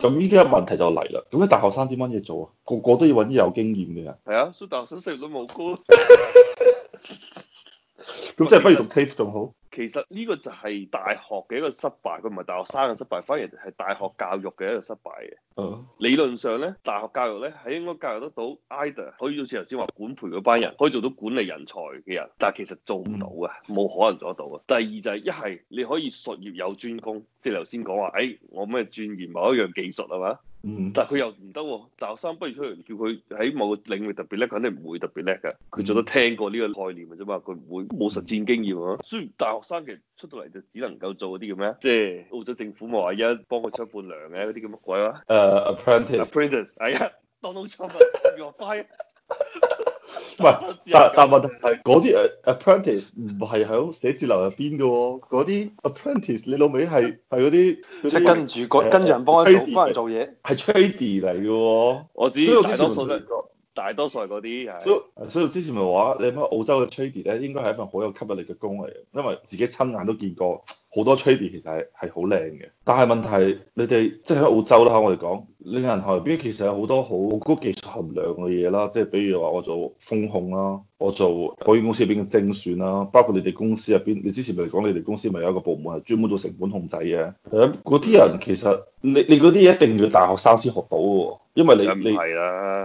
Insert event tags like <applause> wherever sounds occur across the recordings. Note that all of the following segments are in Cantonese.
咁呢啲問題就嚟啦，咁啲大學生點樣嘢做啊？個個都要搵啲有經驗嘅人。係啊，啲大學生收入都冇高，咁即係不如讀 TAFE 仲好。其實呢個就係大學嘅一個失敗，佢唔係大學生嘅失敗，反而係大學教育嘅一個失敗嘅。理論上咧，大學教育咧，係應該教育得到 either 可以好似頭先話管培嗰班人，可以做到管理人才嘅人，但係其實做唔到啊，冇可能做得到啊。第二就係一係你可以術業有專攻，即係頭先講話，誒、哎，我咩鑽研某一樣技術啊嘛。嗯，但係佢又唔得喎，大學生不如出嚟叫佢喺某個領域特別叻，佢肯定唔會特別叻嘅，佢最多聽過呢個概念嘅啫嘛，佢唔會冇、嗯、實戰經驗啊。雖然大學生其實出到嚟就只能夠做嗰啲叫咩，即係澳洲政府話、哎、一幫佢出半糧嘅嗰啲叫乜鬼話？誒，apprentice，apprentice，係啊，Donald Trump 咪，你話快啊！唔係，但但問題係嗰啲 apprentice 唔係喺寫字樓入邊嘅喎，嗰啲 apprentice 你老味係係嗰啲即係跟住着、呃、跟住人幫佢做翻嚟做嘢，係 trader 嚟嘅喎、哦，我知大多數都係個。大多數嗰啲係，所以所以之前咪話你諗澳洲嘅 trading 咧，應該係一份好有吸引力嘅工嚟，因為自己親眼都見過好多 trading 其實係係好靚嘅。但係問題你哋即係喺澳洲啦，我哋講，你銀行入邊其實有好多好高技術含量嘅嘢啦，即係比如話我做風控啦，我做保險公司入邊嘅精算啦，包括你哋公司入邊，你之前咪講你哋公司咪有一個部門係專門做成本控制嘅。嗰啲人其實你你嗰啲嘢一定要大學生先學到嘅喎。因為你唔係啦，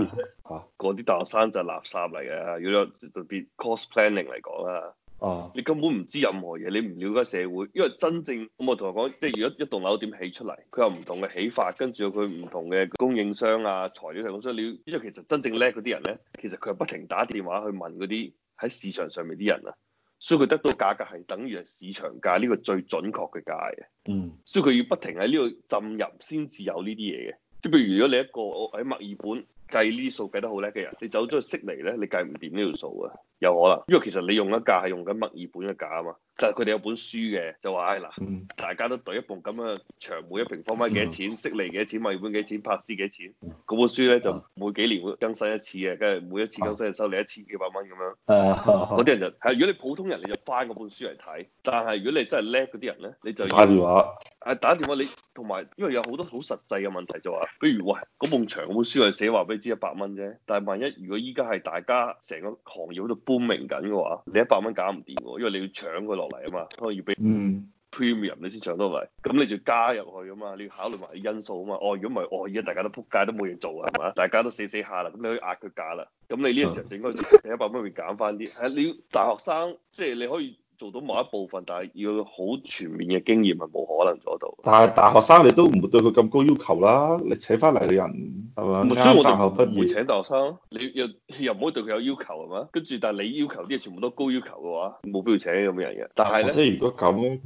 嗰啲、啊、大學生就垃圾嚟嘅。如果特別 cost planning 嚟講啦，啊、你根本唔知任何嘢，你唔了解社會。因為真正咁我同佢講，即係如果一棟樓點起出嚟，佢有唔同嘅起法，跟住佢唔同嘅供應商啊、材料提供商。你因為其實真正叻嗰啲人咧，其實佢係不停打電話去問嗰啲喺市場上面啲人啊，所以佢得到價格係等於係市場價呢個最準確嘅價嘅。嗯，所以佢要不停喺呢度浸入先至有呢啲嘢嘅。即係譬如，如果你一個我喺墨爾本計呢數計得好叻嘅人，你走咗去悉尼咧，你計唔掂呢條數啊，有可能，因為其實你用一價係用緊墨爾本嘅價啊嘛。但係佢哋有本書嘅，就話，哎嗱，大家都對一棟咁嘅牆，每一平方米幾多錢，息利幾多錢，買本幾錢，拍攝幾錢？嗰本書咧就每幾年會更新一次嘅，跟住每一次更新就收你一千幾百蚊咁樣。嗰啲、嗯嗯嗯嗯、人就係如果你普通人你就翻嗰本書嚟睇，但係如果你真係叻嗰啲人咧，你就要打電話。誒，打電話你同埋，因為有好多好實際嘅問題，就話，譬如喂，嗰棟本，本書係寫話俾你知一百蚊啫，但係萬一如果依家係大家成個行業喺度搬明緊嘅話，你一百蚊搞唔掂喎，因為你要搶佢落。嚟啊嘛，可以要俾 premium 你先搶到嚟，咁你就加入去啊嘛，你要考慮埋因素啊嘛。哦，如果唔係，我而家大家都仆街都冇嘢做啊，係嘛？大家都死死下啦，咁你可以壓佢價啦。咁你呢個時候就應該你一百蚊面減翻啲。係你大學生，即係你可以做到某一部分，但係要好全面嘅經驗係冇可能做到。但係大學生你都唔會對佢咁高要求啦，你請翻嚟嘅人。係嘛？所以我哋唔會請大學生，你又你又唔可以對佢有要求，係嘛？跟住但係你要求啲嘢全部都高要求嘅話，冇必要請咁嘅人嘅。但係咧，即係如果咁咧，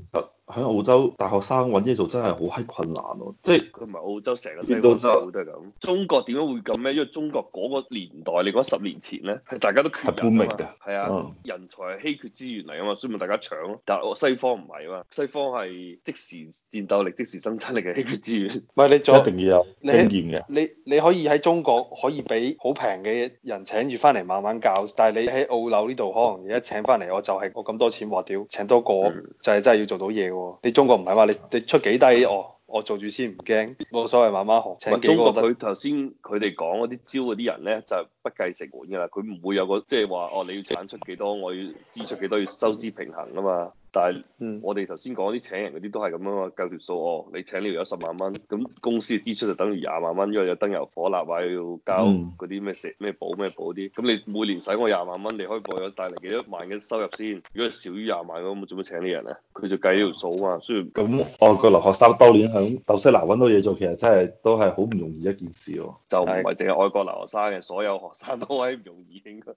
喺澳、啊、即澳洲，大學生揾嘢做真係好閪困難咯，即係唔係澳洲成個西方都都係咁。中國點解會咁咧？因為中國嗰個年代，你講十年前咧，係大家都缺人啊嘛，係啊，嗯、人才係稀缺資源嚟啊嘛，所以咪大家搶咯。但係我西方唔係啊嘛，西方係即時戰鬥力、即時生產力嘅稀缺資源，唔係你仲一定要有經驗嘅。你在你，你可以喺中國可以俾好平嘅人請住翻嚟慢慢教，但係你喺澳樓呢度可能而家請翻嚟，我就係、是、我咁多錢，話屌請多個、嗯、就係真係要做到嘢。你中國唔係嘛？你你出幾低，我、哦、我做住先唔驚，冇所謂，慢慢學。中國佢頭先佢哋講嗰啲招嗰啲人咧，就是、不計成本㗎喇，佢唔會有個即係話哦，你要產出幾多，我要支出幾多，要收支平衡㗎嘛。但係我哋頭先講啲請人嗰啲都係咁樣嘛，計條數哦。你請了有十萬蚊，咁公司嘅支出就等於廿萬蚊，因為有燈油火蠟，或者要交嗰啲咩食咩保咩保啲。咁你每年使我廿萬蚊，你開鋪有帶嚟幾多萬嘅收入先？如果係少於廿萬，咁做咩請啲人啊？佢就計條數啊嘛。雖然咁，外、嗯、國留學生當年響紐西蘭搵到嘢做，其實真係都係好唔容易一件事咯、啊。就唔係淨係外國留學生嘅，所有學生都好唔容易，應該。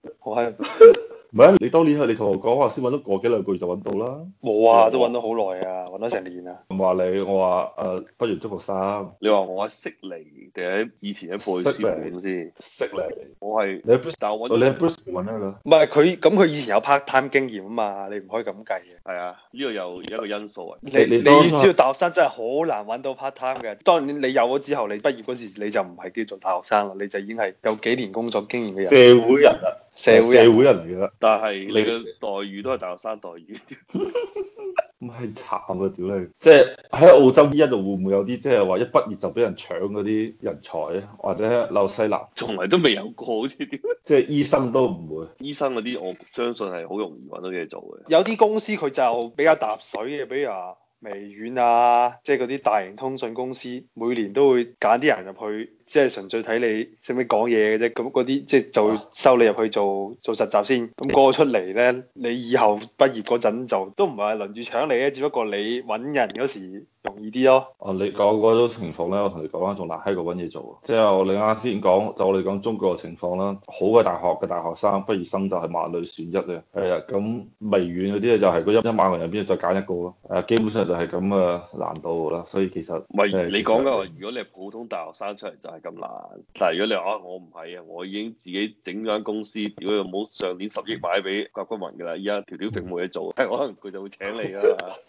唔係啊，你當年你同我講話，先搵咗個幾兩個月就搵到啦。冇啊，都揾咗好耐啊，揾咗成年啊。唔話你，我話誒、呃，不如中學生。你話我喺悉尼定喺以前喺佩斯？悉尼先。悉尼。我係是。你喺布里斯，我揾。你喺布里斯揾啊？唔係佢，咁佢以前有 part time 經驗啊嘛，你唔可以咁計嘅。係啊。呢個又一個因素啊。你你要、啊、知道，大學生真係好難揾到 part time 嘅。當然你有咗之後，你畢業嗰時你就唔係叫做大學生啦，你就已經係有幾年工作經驗嘅人。社會人啊。社會人員啦，但係你嘅待遇都係大學生待遇 <laughs> ，唔係慘啊！屌你、即係，即係喺澳洲依一度會唔會有啲即係話一畢業就俾人搶嗰啲人才咧，或者喺紐西蘭？從來都未有過，好似啲，即係醫生都唔會，醫生嗰啲我相信係好容易揾到嘢做嘅。有啲公司佢就比較揼水嘅，比如話微軟啊，即係嗰啲大型通訊公司，每年都會揀啲人入去。即係純粹睇你識唔識講嘢嘅啫，咁嗰啲即係就收你入去做做實習先，咁嗰個出嚟咧，你以後畢業嗰陣就都唔係輪住搶你嘅，只不過你搵人嗰時，容易啲咯。哦，你講嗰種情況咧，我同你講啦，仲難喺度揾嘢做。即係我哋啱先講，就我哋講中國嘅情況啦。好嘅大學嘅大學生畢業生就係萬里選一嘅。係、嗯、啊，咁微軟嗰啲咧就係嗰一一萬個人入邊再揀一個咯。誒、啊，基本上就係咁嘅難度啦。所以其實，唔、啊、係你講嘅話，如果你係普通大學生出嚟就係咁難。但係如果你話我唔係啊，我已經自己整咗間公司，如果冇上年十億買俾郭君文嘅啦，依家條條緞冇嘢做，可能佢就會請你啦 <laughs>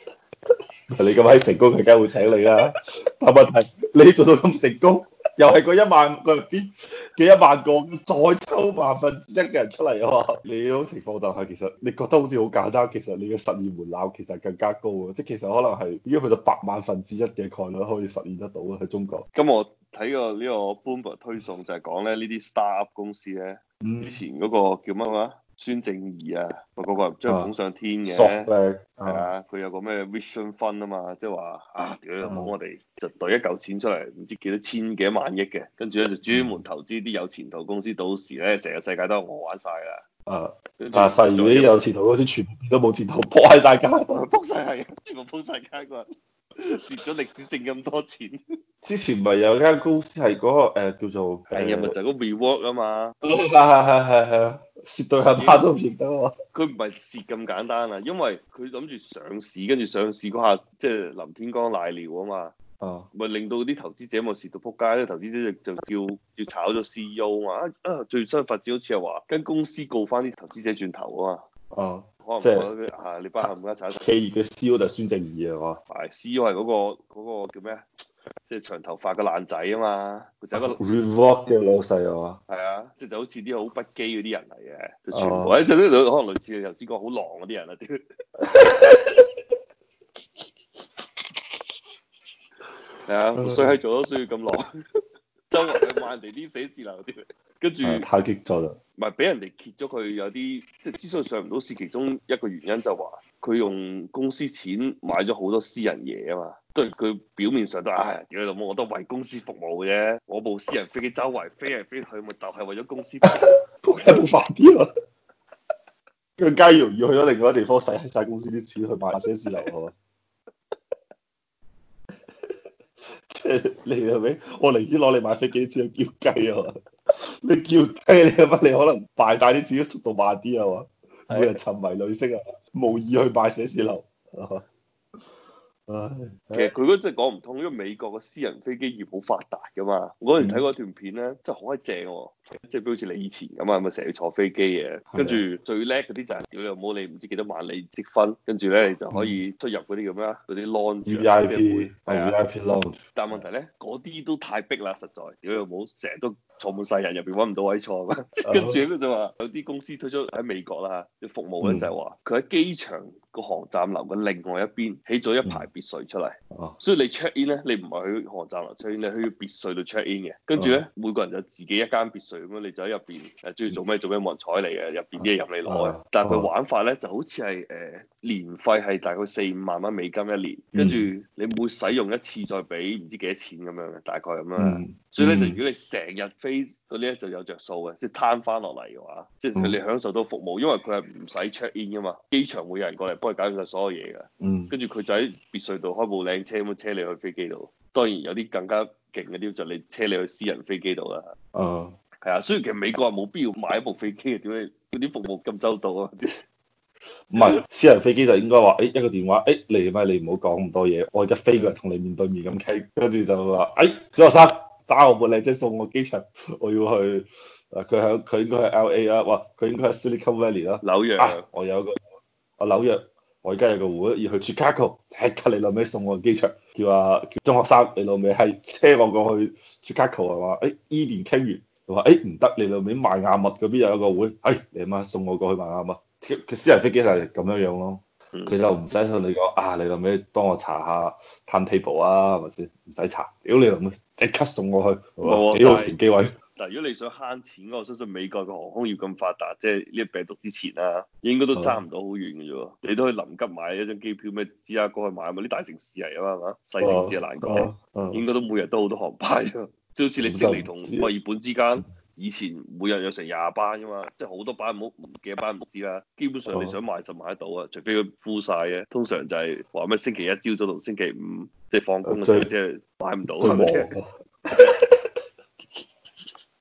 <laughs> 你咁閪成功，佢梗係會請你啦。 <laughs> 但問題你做到咁成功，又係個一萬個邊幾一萬個再抽百分之一嘅人出嚟喎。你嗰種情況就係、是、其實你覺得好似好簡單，其實你嘅實驗門檻其實更加高啊！即係其實可能係如果去到百萬分之一嘅概率可以實現得到啊！喺中國，咁我睇過呢個 Bloomberg 推送就係講咧呢啲 Startup 公司咧，以前嗰個叫乜話？孫正義啊，個個話將人捧上天嘅，係啊，佢、啊啊、有個咩 vision fund 啊嘛，即係話啊屌又捧我哋，就袋一嚿錢出嚟，唔知幾多千幾多萬億嘅，跟住咧就專門投資啲有前途公司，到時咧成個世界都係我玩晒啦。啊，著啊發現啲有前途公司全部都冇前途，扑喺晒街，扑晒係，全部扑晒街，個人蝕咗歷史性咁多錢。之前咪有間公司係嗰、那個誒、呃、叫做、係、呃、咪就係嗰個 reward 啊嘛？係係係啊。絕對下、啊，差都唔得喎！佢唔係蝕咁簡單啊，因為佢諗住上市，跟住上市嗰下即係、就是、林天光瀨尿嘛啊嘛，啊，咪令到啲投資者咪蝕到仆街咧？投資者就就叫要炒咗 CEO 啊啊！最新發展好似係話跟公司告翻啲投資者轉頭嘛啊可可即，啊，可能即係啊，你班阿家炒 K2 嘅 CEO 就係孫正義啊嘛，係 CEO 係嗰個、那個那個叫咩啊？即係長頭髮嘅爛仔啊嘛，佢就是、一個 revolt 嘅老細啊嘛，係啊，即、就、係、是、就好似啲好不羈嗰啲人嚟嘅，oh、全部喺一陣度。啊、可能類似你頭先講好狼嗰啲人 <laughs> 啊，啲係啊，所以係做咗要咁狼， <laughs> 周圍去罵人哋啲寫字樓啲。 <laughs> <laughs> 跟住太激咗啦，唔係俾人哋揭咗佢有啲即係資訊上唔到市，其中一個原因就話佢用公司錢買咗好多私人嘢啊嘛，對佢表面上都唉、哎，屌你老母，我都為公司服務嘅啫，我部私人飛機周圍飛嚟飛去，咪就係為咗公司、啊，冇快啲咯，更加容易要去咗另外一個地方，使晒公司啲錢去買寫字樓好，嘛， <laughs> <laughs> 即係你係咪？我寧願攞你買飛機啲錢去叫雞啊！ <laughs> 你叫聽你啊嘛，你可能拜曬啲自己速度慢啲啊嘛，每 <laughs> 沉迷女色啊，無意去拜寫字樓。唉 <laughs> <laughs> <laughs> 其實佢嗰真係講唔通，因為美國嘅私人飛機業好發達噶嘛。我嗰時睇過段片咧，嗯、真係好鬼正喎。即係比如好似你以前咁啊，咪成日坐飛機嘅，是的 跟住最叻嗰啲就係屌又冇你唔知幾多萬里積分，跟住咧你就可以出入嗰啲叫咩啊？嗰啲 lounge，VIP 啊，VIP lounge。但問題咧，嗰啲都太逼啦，實在，屌又冇成日都坐滿曬人，入邊揾唔到位坐嘛。是的 <laughs> 跟住咧就話有啲公司推出喺美國啦啲服務咧、嗯、就係話佢喺機場個航站樓嘅另外一邊起咗一排別墅出嚟。嗯嗯。所以你 check in 咧，你唔係去航站樓 check in，你去別墅度 check in 嘅。跟住咧，每個人就有自己一間別墅咁樣，你就喺入邊誒，中意做咩做咩，冇人睬你嘅，入邊啲嘢任你攞嘅。啊、但係佢玩法咧就好似係誒，年費係大概四五萬蚊美金一年，跟住你每使用一次再俾唔知幾多錢咁樣嘅，大概咁樣。嗯、所以咧就如果你成日飛嗰啲咧就有着數嘅，即係攤翻落嚟嘅話，即係、嗯、你享受到服務，因為佢係唔使 check in 噶嘛，機場會有人過嚟幫你搞掂晒所有嘢㗎。跟住佢就喺別墅度開部領。嗯車冇車你去飛機度，當然有啲更加勁嘅啲就你車你去私人飛機度啦。嗯，係啊，所以其實美國係冇必要買一部飛機，點解？嗰啲服務咁周到啊。唔係私人飛機就應該話，誒、欸、一個電話，誒嚟咪你唔好講咁多嘢，我而家飛過嚟同你面對面咁傾，跟住就話，誒小學生打我部靚仔送我機場，我要去，佢響佢應該係 L A 啊，哇、啊、佢應該係 Silicon Valley 啊，紐約陽、啊，我有一個，我紐我而家有個會要去 Chicago，即刻你老尾送我去機場，叫阿中學生你老尾係車我過去 Chicago 係嘛？哎，依邊傾完，佢話哎唔得，你老尾邁阿密嗰邊有一個會，哎你媽送我過去邁阿密，佢私人飛機就係咁樣樣咯。其實唔使同你講，啊你老尾幫我查下 Time Table 啊，或者唔使查，屌你老味即刻送我去，有幾號停機位？但如果你想慳錢，我相信美國嘅航空業咁發達，即係呢個病毒之前啊，應該都差唔到好遠嘅啫。的你都可以臨急買一張機票咩？知啊，過去買嘛，啲大城市嚟啊嘛，細城市難講。啊啊、應該都每日都好多航班，即好似你悉尼同墨爾本之間，嗯、以前每日有成廿班㗎嘛，即係好多班，唔好唔記得班唔知啦。基本上你想買就買得到啊，除非佢 full 晒啊。通常就係話咩星期一朝早同星期五即係放工嘅時候即係以買唔到，以吧 <laughs>